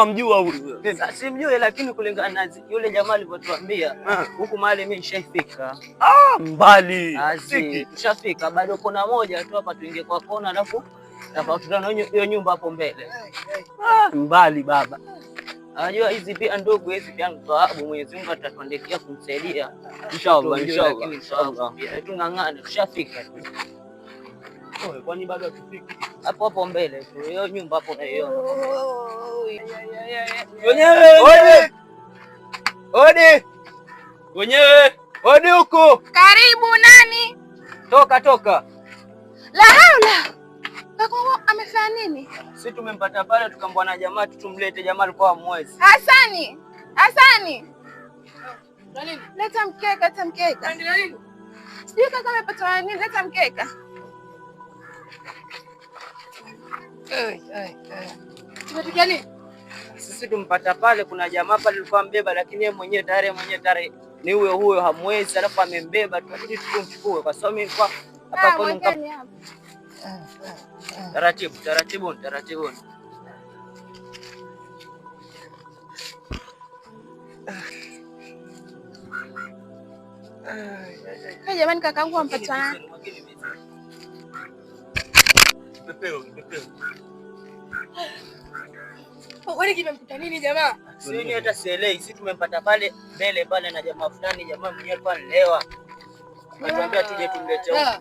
kama mjua simjui, lakini kulingana na yule jamaa alivyotuambia ah. huku mahali mimi nishafika. Ah, mbali nishafika, bado kuna moja tu hapa, tuingie kwa kona, alafu tutafuta hiyo nyumba hapo mbele. Ah, mbali baba. Anajua hizi pia ndugu hizi pia mtaabu, Mwenyezi Mungu atatuandikia kumsaidia inshallah, inshallah. Tunang'ana tushafika. Kwani bado hatufiki hapo hapo mbele tu, hiyo nyumba hapo unaiona wenyewe. Odi wenyewe, odi huko karibu. Nani? Toka toka. La haula amefanya nini? Si tumempata pale, tukambwa na jamaa tutumlete. Jamaa alikuwa hamwezi. Hasani, Hasani, leta mkeka, leta mkeka. Sijui kaka amepata nini, leta mkeka Tumetukia nini? Sisi tumpata pale, kuna jamaa pale alikuwa mbeba, lakini yeye mwenyewe tayari yeye mwenyewe tayari ni huyo huyo hamwezi, alafu amembeba, tunabidi tumchukue kwa sababu mimi kwa hapa ah, kwa nika taratibu taratibu taratibu. Jamani, kakaangu ampata Wewe kimemkuta nini jamaa? Sisi hata sielewi. Sisi tumempata pale mbele pale na jamaa fulani, jamaa mwenyewe alikuwa analewa. Atuambia tuje tumlete huko.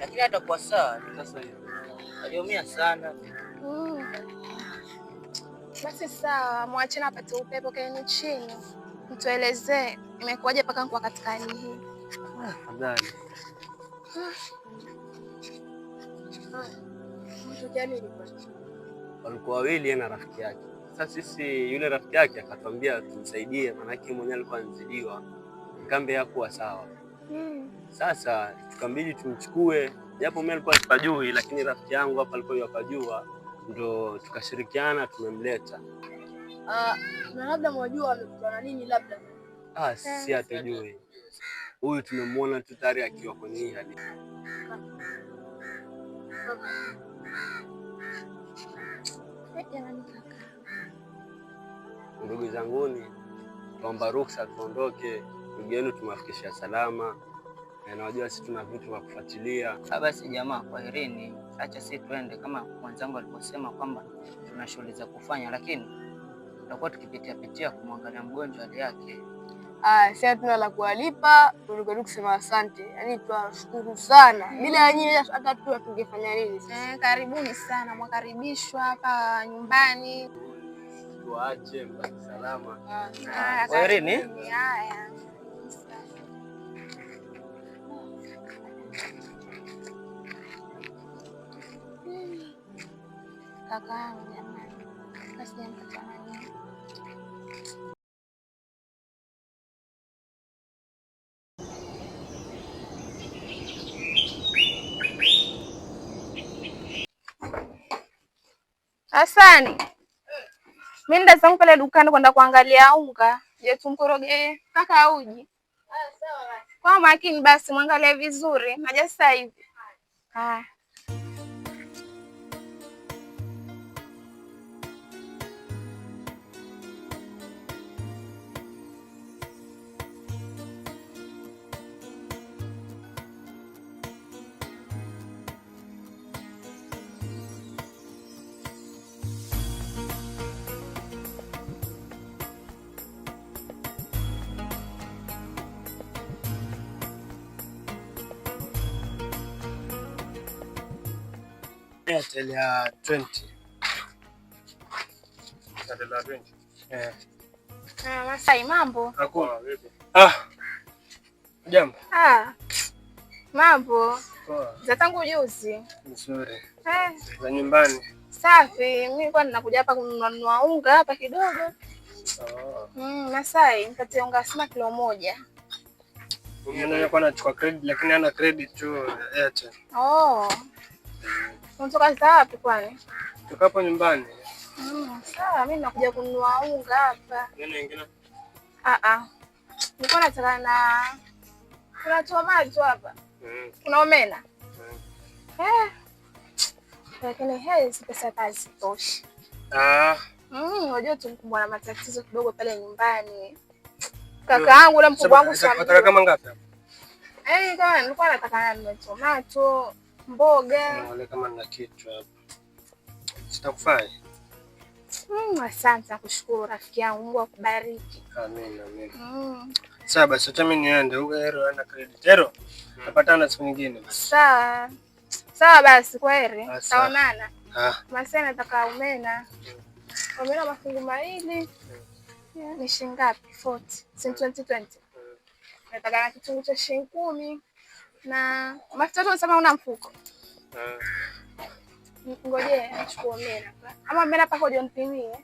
Lakini hata kwa saa sasa hivi aliumia sana. Basi sawa, mwachana apate upepo kwenye chini. Mtuelezee imekuwaje mpaka kwa katika hali hii. Afadhali. Walikuwa wawili na rafiki yake. Sasa sisi, yule rafiki yake akatwambia tumsaidie, maanake mwenyewe alikuwa anzidiwa kambe yakuwa sawa. Hmm. Sasa tukambidi tumchukue, japo mimi alikuwa sipajui, lakini rafiki yangu hapa alikuwa yapajua, ndo tukashirikiana tumemleta. Ah, na labda mwajua amekutana nini, labda ah, si hatujui Huyu tumemwona tu tayari akiwa kwenye hii hali. Ndugu zanguni, tuomba ruksa tuondoke. Ndugu yenu tumewafikishia salama, nawajua si tuna vitu vya kufuatilia. Ah, basi jamaa, herini, acha si tuende kama mwenzangu aliposema kwamba tuna shughuli za kufanya, lakini tutakuwa tukipitia pitia kumwangalia mgonjwa hali yake sasa tuna la kuwalipa, tulikodi kusema asante, yaani tunashukuru sana. Bila nyinyi hata tu tungefanya nini? Eh, karibuni sana, mwakaribishwa hapa nyumbani. Tuache mbali salama. Kwaherini. Eh, haya. Kakaangu jamani, kasijamkatamani Hasani, mimi nenda zangu pale dukani kwenda kuangalia unga. Je, tumkoroge kaka au uji? Ah, Kwa makini basi, mwangalie vizuri. Naja sasa hivi. Haya. Ah. Airtel ya 20. Airtel ya 20. Eh. Ah, Masai mambo. Hakuna ah. vipi? Ah. Jambo. Ah. Mambo. Poa. Za tangu juzi. Nzuri. Eh. Za nyumbani. Safi. Mimi kwa ninakuja hapa kununua unga hapa kidogo. Oh. Mm, Masai, nikati unga sima kilo moja. Mimi ndio nachukua credit lakini ana credit tu Airtel. Oh. Eh. Unatoka sasa wapi kwani? Toka hapo nyumbani. Mm, sawa, mimi nakuja kununua unga hapa. Nini ingine? Ah ah. Niko nataka na kuna tomato hapa. Mm. Kuna omena. Mm. Eh. Lakini hii si pesa kazi toshi. Ah. Mm, unajua mkubwa na matatizo kidogo pale nyumbani. Kaka yangu na mkubwa wangu sana. Nataka kama ngapi? Eh, kama nilikuwa nataka na tomato mboga. wale kama na kitu hapa. Sitakufai. Mm, asante na kushukuru rafiki yangu. Mungu akubariki. Amen, amen. Mm. Sawa basi acha mimi niende. Huko hero ana credit. Hero. Napatana siku nyingine basi. Sawa. Sawa basi kwa heri. Ah, Taonana. Ah. Masaa nataka omena. Umena mafungu mawili. Hmm. Ni shilingi ngapi? 40. 2020. Nataka na kitungu cha shilingi 10 na mafuta yote unasema una mfuko eh. ngoje nichukue mera ama mera pako jonipimie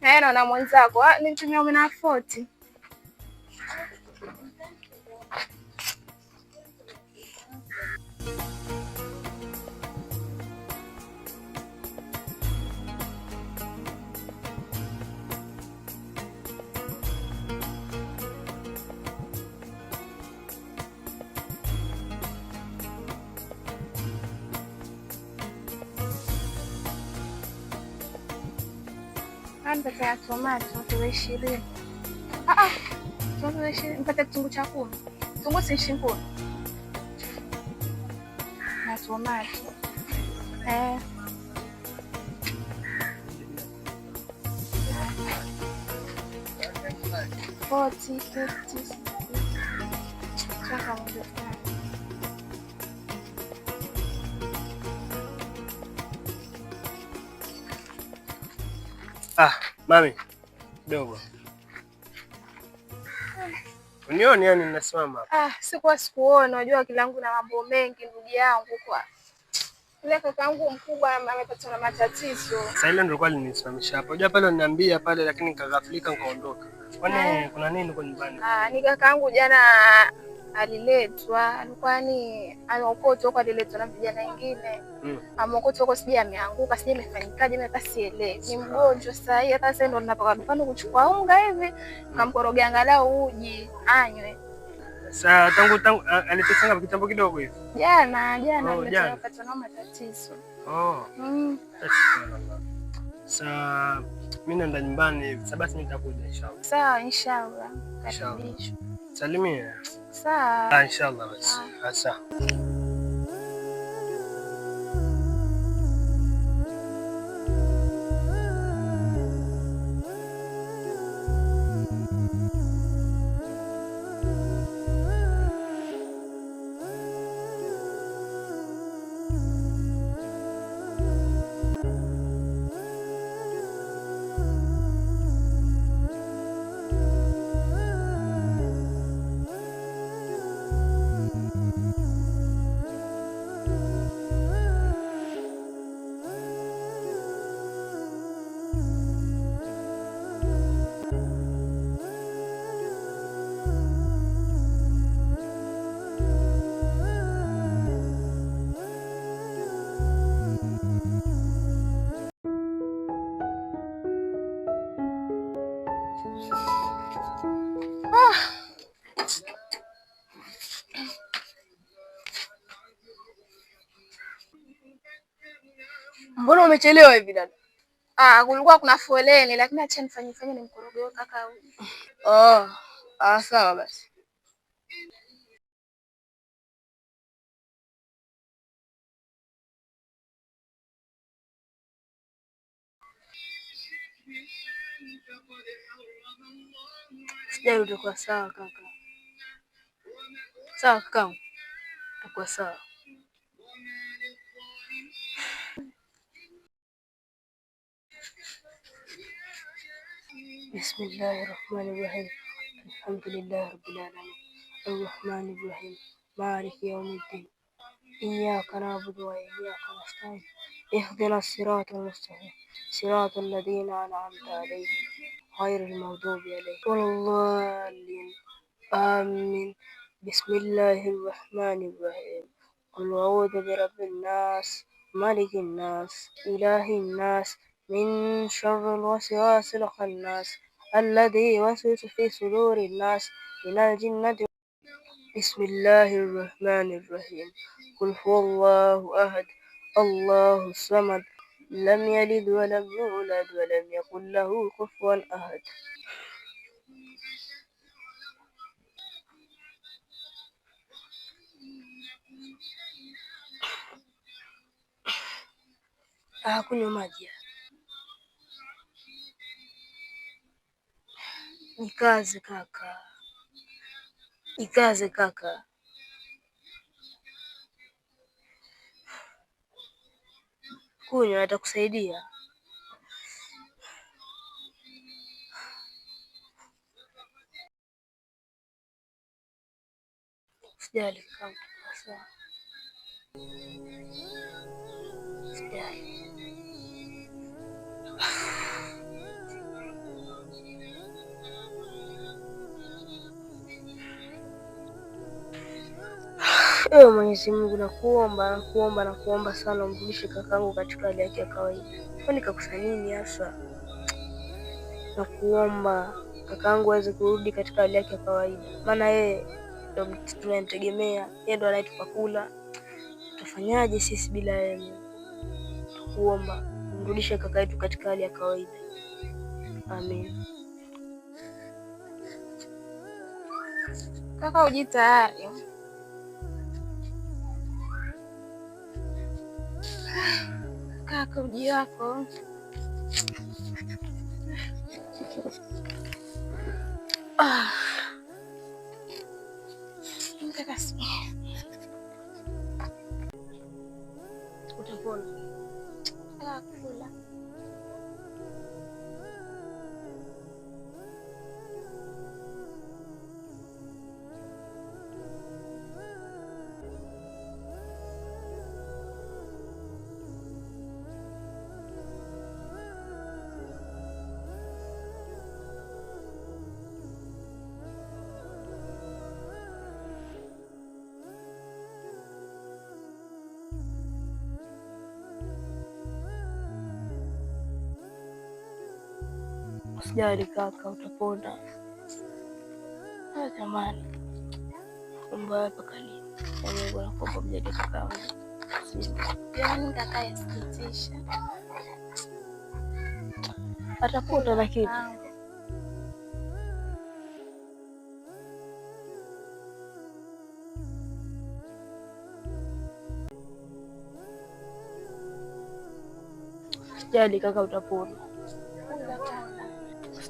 naena na mwenzako ah, nitumia mera 40 mpate ya tomato tungu ishirini. Ah ah. Tungu ishirini mpate kitungu cha kumi. Tungu si shilingi kumi. Na tomato. Eh. Forty, fifty. Chaka mdogo. Ah, mami kidogo unioni, yani nasimama Ah, sikuwa sikuona, unajua kila langu na mambo mengi ndugu yangu kwa ile kakaangu mkubwa amepata na matatizo. Sasa ile ndio ilikuwa linisimamisha hapa. Unajua pale unaniambia pale, lakini nikaghafilika nikaondoka. Kwani eh. kuna nini huko nyumbani? Ah, ni kakaangu jana aliletwa kwani ni ameokotwa huko, aliletwa na vijana wengine mm. ameokotwa sijui ameanguka, sijui amefanyikaje, mimi hata sielewi. Ni mgonjwa sasa hata sasa ndo ninapaka mfano kuchukua unga hivi kamkoroge angalau uji anywe. Sasa tangu tangu alitesanga kitambo kidogo hivi, jana jana oh, alipata na matatizo oh. mm. Sasa mimi naenda nyumbani hivi, nitakuja inshallah. Sawa, inshallah, karibisho Salim ya. Sağ. İnşallah. Sağ. umechelewa hivi dada? Ah, kulikuwa kuna foleni lakini acha nifanye fanye nimkoroge kaka huyu. Oh, ah sawa basi. Sijali, utakuwa sawa kaka. Sawa kaka, utakuwa sawa. بسم الله الرحمن الرحيم الحمد لله رب العالمين الرحمن الرحيم مالك يوم الدين إياك نعبد وإياك نستعين اهدنا الصراط المستقيم صراط الذين أنعمت عليهم غير المغضوب عليهم ولا الضالين آمين بسم الله الرحمن الرحيم قل أعوذ برب الناس ملك الناس إله الناس من شر الوسواس الخناس الذي يوسوس في صدور الناس من الجنة بسم الله الرحمن الرحيم قل هو الله أحد الله الصمد لم يلد ولم يولد ولم يكن له كفوا أحد أكل ماديا Ikaze kaka, ikaze kaka. Kunywa atakusaidia. Usijali kaka, sawa. Usijali. Ewe Mwenyezi Mungu, nakuomba kuomba na kuomba sana, umrudishe kakangu katika hali yake ya kawaida. Kwani kakosa nini hasa? Nakuomba kakangu aweze kurudi katika hali yake ya kawaida, maana yeye ndo tunayemtegemea, yeye ndo anayetupa kula. Tutafanyaje sisi bila yeye? Tukuomba umrudishe kaka yetu katika hali ya kawaida, amin. Kaka uji tayari? Kaka, uji wako utakula. Usijali kaka, utapona. Jamani, mambo haya mpaka lini? Yaani Nakuomba mjadili kaka. Jamani kaka, yasikitisha. Atapona lakini usijali kaka, utapona.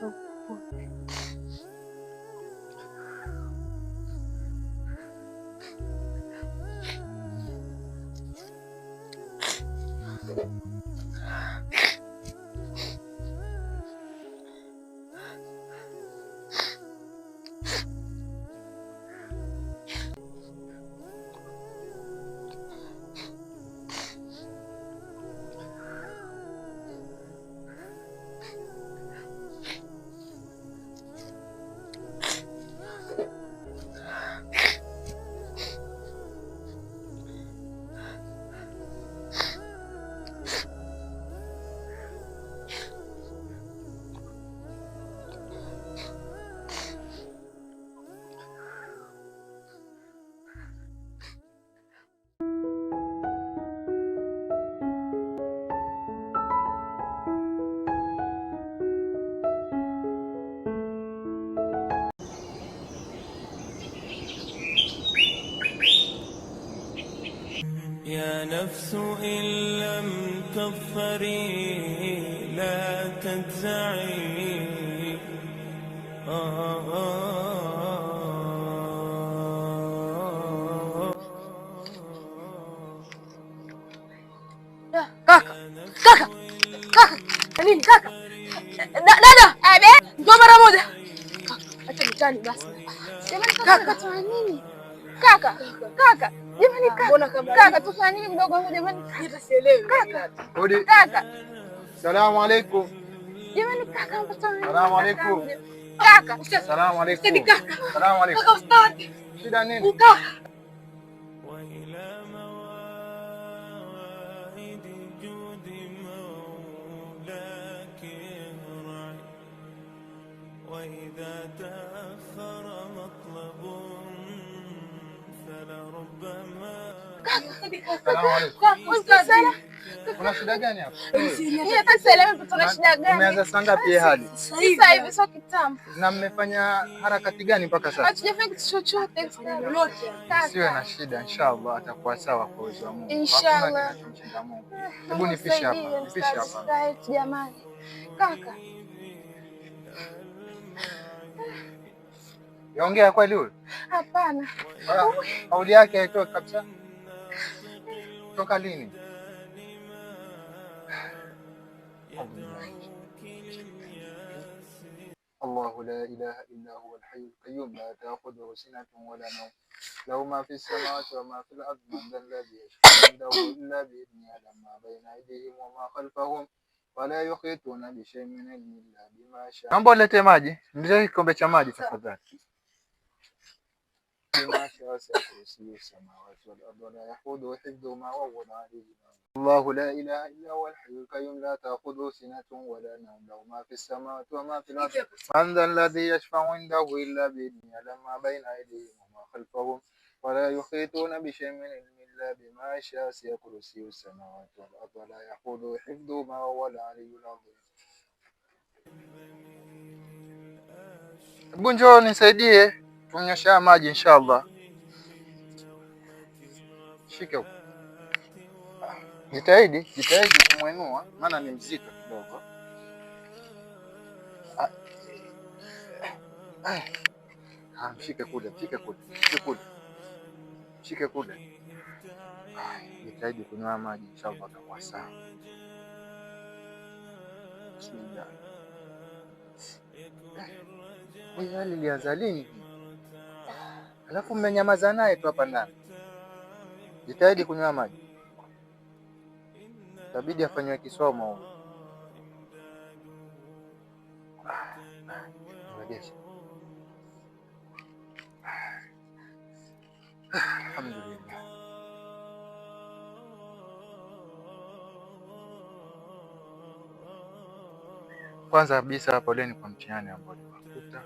Oh. النفس إن لم تظفري لا تجزعي كاكا كاكا كاكا أمين كاكا لا لا مودة كاكا كاكا Salamu alaikum. Shida nini? Kuna shida gani hapa? Umeanza saa ngapi hadi na mmefanya harakati gani mpaka sasa? Siwe na shida, inshallah atakuwa sawa kwa uwezo wa Mungu. Inshallah. Hebu nipishe hapa. Nipishe hapa. Jamani. Kaka. Yaongea kweli huyo? Hapana. Kauli yake haitoki kabisa. Toka lini? Allahu la ilaha illa huwa al qayyum la ta'khudhuhu sinatun wa nawm lahu ma fis samawati wa ma fil ardi man dhal ladhi yashfa'u indahu illa bi idhnihi ya'lamu ma bayna aydihim wa ma khalfahum wa yuhituna bi shay'in min ilmihi illa bima sha'a. Naomba ulete maji, ndio kikombe cha maji tafadhali. ما في وسع السماوات والأرض ولا يحوده ما وهو العلي الله لا إله إلا هو الحي القيوم لا تأخذه سنة ولا نوم له ما في السماوات وما في الأرض من ذا الذي يشفع عنده إلا بإذنه يعلم ما بين أيديهم وما خلفهم ولا يحيطون بشيء من علم إلا بما شاء سيا كرسي السماوات والأرض ولا يحوده ما وهو العلي العظيم Bunjo nisaidie. Tunyeshea maji inshallah. Shika huko. Jitahidi, jitahidi kumwinua maana ni mzito kidogo. Ah. Ah, Mshike kule, mshike kule, mshike kule, mshike kule. Ah, jitahidi kunywa maji inshallah, kwa sawa. Bismillah. Eh, hali ilianza lini? alafu mmenyamaza naye tu hapa ndani. Jitahidi kunywa maji, itabidi afanywe kisomo huyo. Kwanza kabisa poleni kwa mtihani ambao uliwakuta,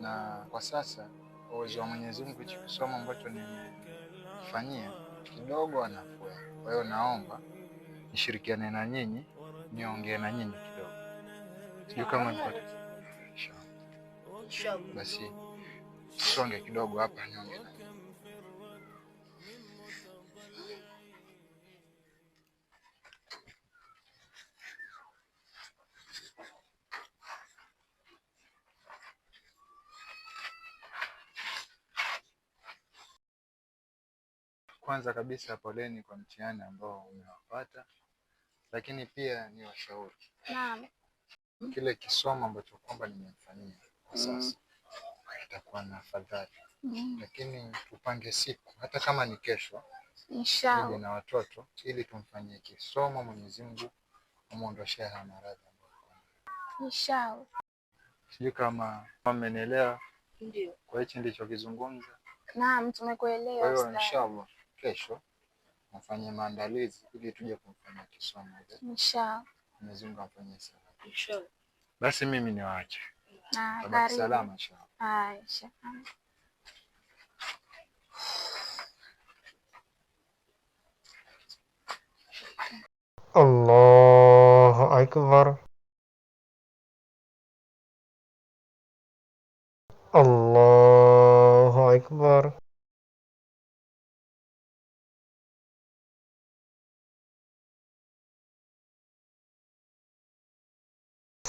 na kwa sasa kwa uwezo wa Mwenyezi Mungu hichi kisomo ambacho nimefanyia kidogo anafua Kwa hiyo naomba nishirikiane na nyinyi, niongee na nyinyi kidogo, sijui kama basi, songe kidogo hapa niongee Kwanza kabisa poleni kwa mtihani ambao umewapata, lakini pia ni washauri naam, kile kisomo ambacho kwamba nimemfanyia kwa mm-hmm. sasa itakuwa na afadhali mm. Lakini tupange siku, hata kama ni kesho inshallah, na watoto ili tumfanyie kisomo, Mwenyezi Mungu amuondoshee haya maradhi inshallah. Sijui kama mmenielewa. Ndio, kwa hichi ndicho kizungumza. Naam, tumekuelewa. Kwa hiyo inshallah kesho nafanya maandalizi ili tuje kumfanya kisomo. Inshallah. Mwenyezi Mungu afanye salama. Inshallah. Basi mimi niwaache. Ah, salama inshallah. Ah, inshallah. Allahu akbar. Allahu akbar.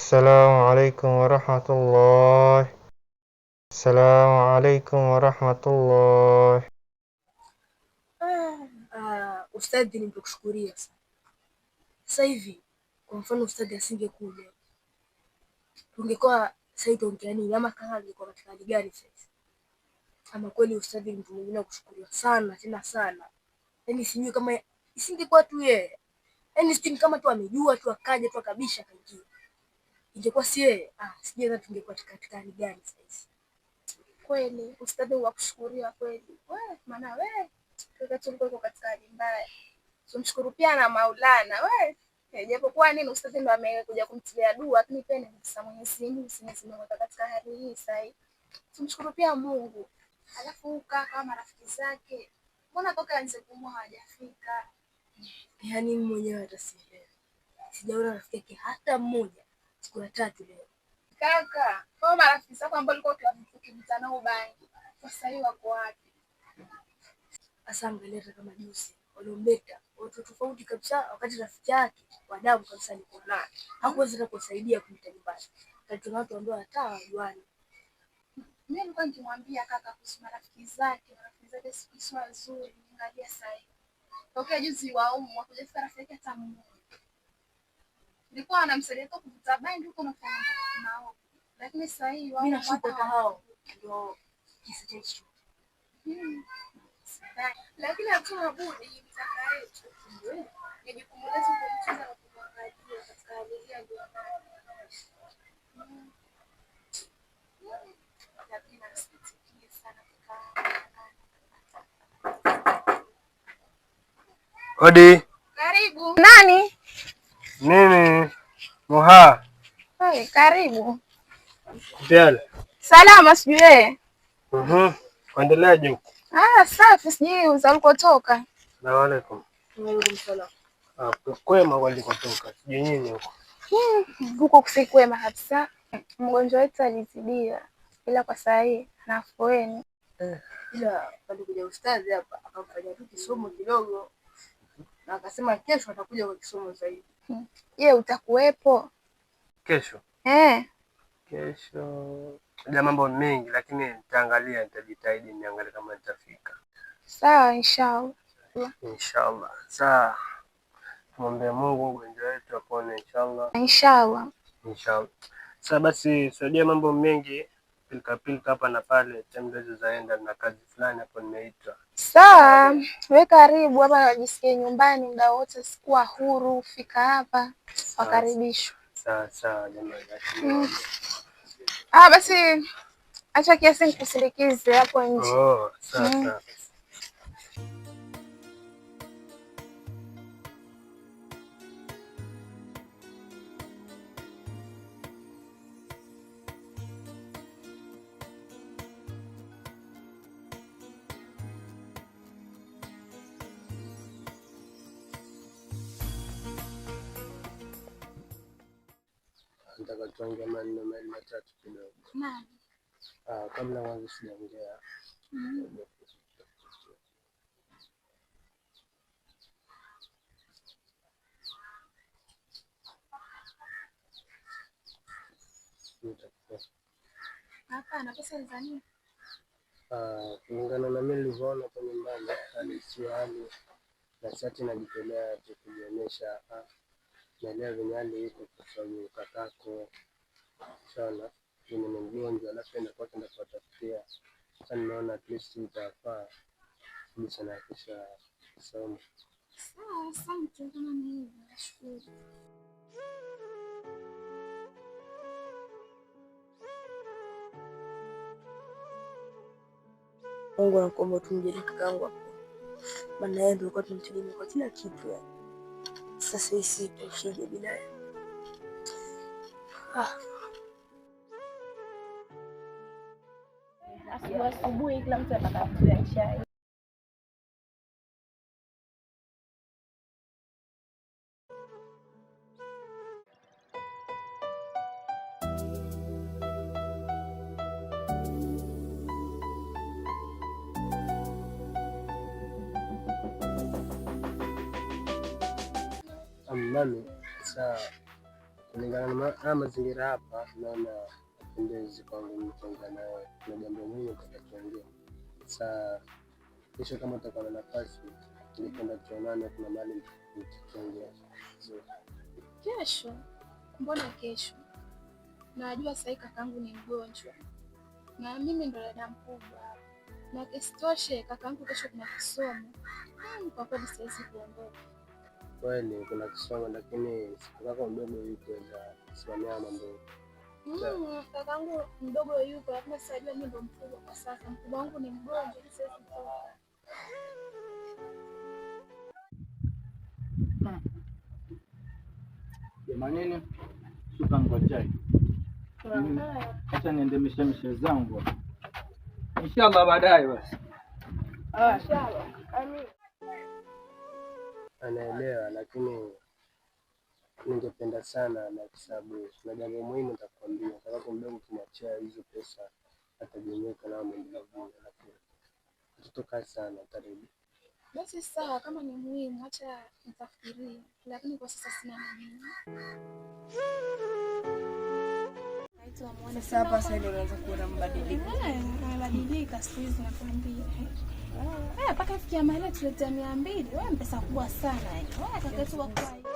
السلام عليكم ورحمة الله السلام عليكم ورحمة الله Ustadhi, nimekushukuru sana. Sasa hivi kwa mfano ustadhi asingekuja, tungekuwa sasa hivi tuongea nini? Ama kama ningekuwa katika hali gani sasa? Ama kweli ustadhi ni mtu mwingine kushukuriwa sana tena sana, yaani sijui kama isingekuwa tu yeye, yaani sijui kama tu amejua tu akaja tu akabisha akaingia ingekuwa si yeye ah, sijui hata tungekuwa katika hali gani sasa. Kweli ustadi wa kushukuria kweli, wewe maana wewe kaka tu ulikuwa katika hali mbaya, tumshukuru pia na Maulana wewe eh, japokuwa nini ustadi ndo amekuja kumtilia dua, lakini pia ni msa Mwenyezi Mungu, Mwenyezi Mungu katika hali hii sasa hivi tumshukuru pia Mungu. Alafu kaka marafiki zake, mbona toka anze kumwa hajafika? Yani mwenyewe hata sielewi, sijaona rafiki yake hata mmoja Chakula tatu leo. Kaka, kwa marafiki zako ambao ulikuwa ukivutana nao bangi, sasa hivi wako wapi? Hasa mgeleta kama juzi waliobeta watu tofauti kabisa, wakati rafiki yake wa damu kabisa alikuwa naye hakuweza hata kusaidia kumta nyumbani, kalituna watu ambao hata hawajuani. Mimi nilikuwa nikimwambia kaka kuhusu marafiki zake, marafiki zake si wazuri, angalia sasa hivi tokea juzi waumu wakujafika rafiki hata mmoja nilikuwa anamsaidia tu kuvuta bangi huko na nao, lakini sasa hivi wao nashuka kwa hao ndio kisitisho. Hmm. Lakini hatuna budi mtaka yetu ni jukumu letu kumcheza na kumwangalia katika hali hii aliyo hmm. Odi. Karibu. Nani? Mimi muha Hey, karibu. Ndiyo. Salama sijui yeye. Mhm. Kuendeleaje huko? Ah, safi sijui ulikotoka. Salamu alaykum. Ah, kwema walikotoka. Sijui nyinyi huko. Hmm, huko kwema Mgonjwa wetu alizidiwa ila kwa saa hii nafueni. Eh. Ila ustadhi hapa akamfanyia tu kisomo kidogo na akasema kesho atakuja kwa kisomo zaidi. Je, utakuwepo kesho? Eh, kesho ja mambo mengi, lakini nitaangalia, nitajitahidi niangalie kama nitafika. Sawa, inshallah inshallah. Saa tumwombee Mungu mgonjwa wetu apone inshallah, inshallah inshallah. Sasa basi, sajia mambo mengi pilika pilika hapa na pale, time zaenda na kazi fulani hapo nimeitwa. Sawa, we karibu hapa, najisikia nyumbani muda wote, sikuwa huru fika hapa, wakaribishwa. Mm. Ah, basi acha kiasi nikusindikize hapo nje. Oh, Nitakatuange ama neno mawili matatu kidogo. Ah, kabla mwanzo sijaongea ah, kulingana na mimi nilivyoona kwa nyumbani, hali hali na sati najitolea tu kujionyesha hapa ah, Maeneo yenye hali iko kwa sababu kakako sana mwenye ni mgonjwa alafu enda kwake enda kuwatafutia. Sasa nimeona at least itafaa kabisa na kisha soma. Sawa, asante. Kama ni hivyo, nashukuru. Mungu anakuomba tumjali kakaangu hapo, maana yeye ndio tulikuwa tunamtegemea kwa kila kitu yani sasa isitoshije bila ah. asubuhi, kila mtu anataka kunywa chai mami, saa kulingana na haya mazingira hapa, naona pendezi kwangu mchanga naye na jambo muhimu tutakiongea. Saa kesho kama utakuwa na nafasi, ningependa tuonane, kuna mali tukiongea. Kesho? Mbona kesho? Najua sahii kakangu ni mgonjwa na mimi ndo dada mkubwa, na isitoshe kakangu kesho kuna kisomo. Kwa kweli siwezi kuondoka kweli kuna Kiswahili lakini sikukako mdogo yuko za kusimamia mambo Mm, kakangu mdogo yuko lakini sasa hivi mimi ndo mkubwa kwa sasa. Mkubwa wangu ni mgonjwa sasa Jamanini, shuka ngochai. Acha niende mishemishe zangu. Inshallah baadaye basi. Ah, inshallah. Amin anaelewa, lakini ningependa sana na sababu kuna jambo muhimu nitakwambia, kwa sababu mdogo kumwachia hizo pesa atajumuika nao maendeleo bora, lakini tutoka sana karibu. Basi sawa, kama ni muhimu, acha nitafikiria, lakini kwa sasa sina muhimu. Sasa hapa sasa ndio unaanza kuona mabadiliko. Mabadiliko siku hizi nakwambia. Ah. Eh, paka fikia mahali tuletea 200. Wewe mpesa kubwa sana. Wewe kaka yetu wa